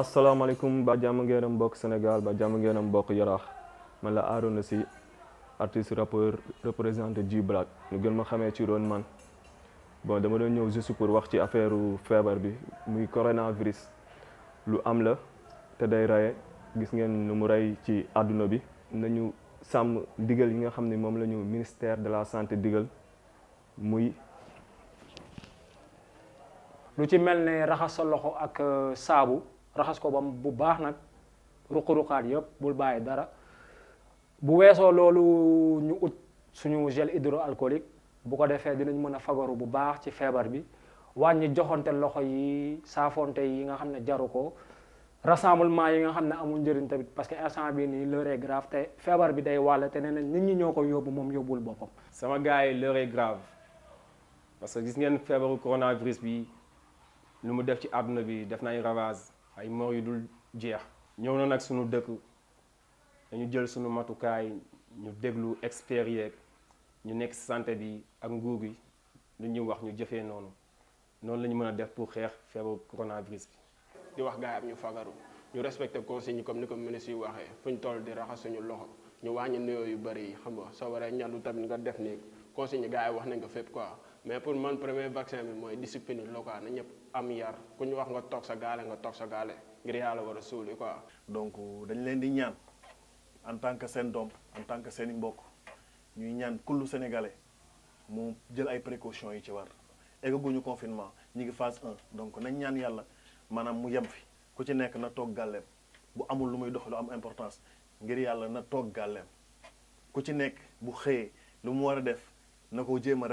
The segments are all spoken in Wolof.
asalaamaaleykum ba jàmm ngeen am mbokk Sénégal ba jàmm ngeen am mbokk Yaraax man la Arona Sy artiste rappeur représenté G Black ñu gën ma xamee ci Ron Man bon dama doon ñëw juste pour wax ci affaire feebar bi muy coronavirus lu am la te day raye gis ngeen nu mu rey ci àdduna bi nañu sàmm digal yi nga xam ni moom lañu ministère de la santé digal muy lu ci mel ne raxas sa loxo ak euh, saabu raxas ko ba bu baax nag ruq-ruqaat yëpp bul bàyyi dara bu weesoo loolu ñu ut suñu gel hydroalcoolique bu ko defee dinañ mën a fagaru bu baax ci feebar bi wàññi joxante loxo yi saafonte yi nga xam ne jaru ko rassemblement yi nga xam ne amul njëriñ tamit parce que instant bi nii l'heure est grave te feebar bi day wàll te nee nit ñi ñoo ko yóbbu moom yóbbul boppam. sama gars yi l'heure est grave parce que gis ngeen feebaru coronavirus bi. lu mu def ci àdduna bi def na ay ravage ay mor yu dul jeex ñëw na nag suñu dëkk dañu jël suñu matukaay ñu déglu experts yeeg ñu nekk santé bi ak nguur gi lu ñuy wax ñu jëfee noonu noonu la ñu mën a def pour xeex feebaru coronavirus bi. di wax gars yi am ñu fagaru ñu respecté consignes yi comme ni ko ministre yi waxee fu ñu toll di raxas suñu loxo ñu wàññi nuyoo yu bari yi xam nga soo waree ñandu tamit nga def ni consignes yi gars yi wax nañ ko fépp quoi. mais pour man premier vaccin bi mooy discipline locale na ñëpp am yar ku ñu wax nga toog sa gaale nga toog sa gaale ngir yàlla war a suuli quoi. donc dañ leen di ñaan en tant que seen doom en tant que seen i mbokk ñuy ñaan kullu sénégalais mu jël ay précautions yi ci war ñu confinement ñu ngi phase 1 donc nañ ñaan yàlla maanaam mu yem fi ku ci nekk na toog gàlleem bu amul lu muy dox lu am importance ngir yàlla na toog gàlleem ku ci nekk bu xëyee lu mu war a def na ko jéem a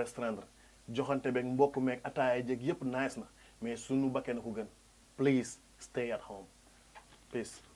joxante beeg mbokk meeg ataaya jeeg yépp nice na mais sunu bakkee na ko gën please stay at home peace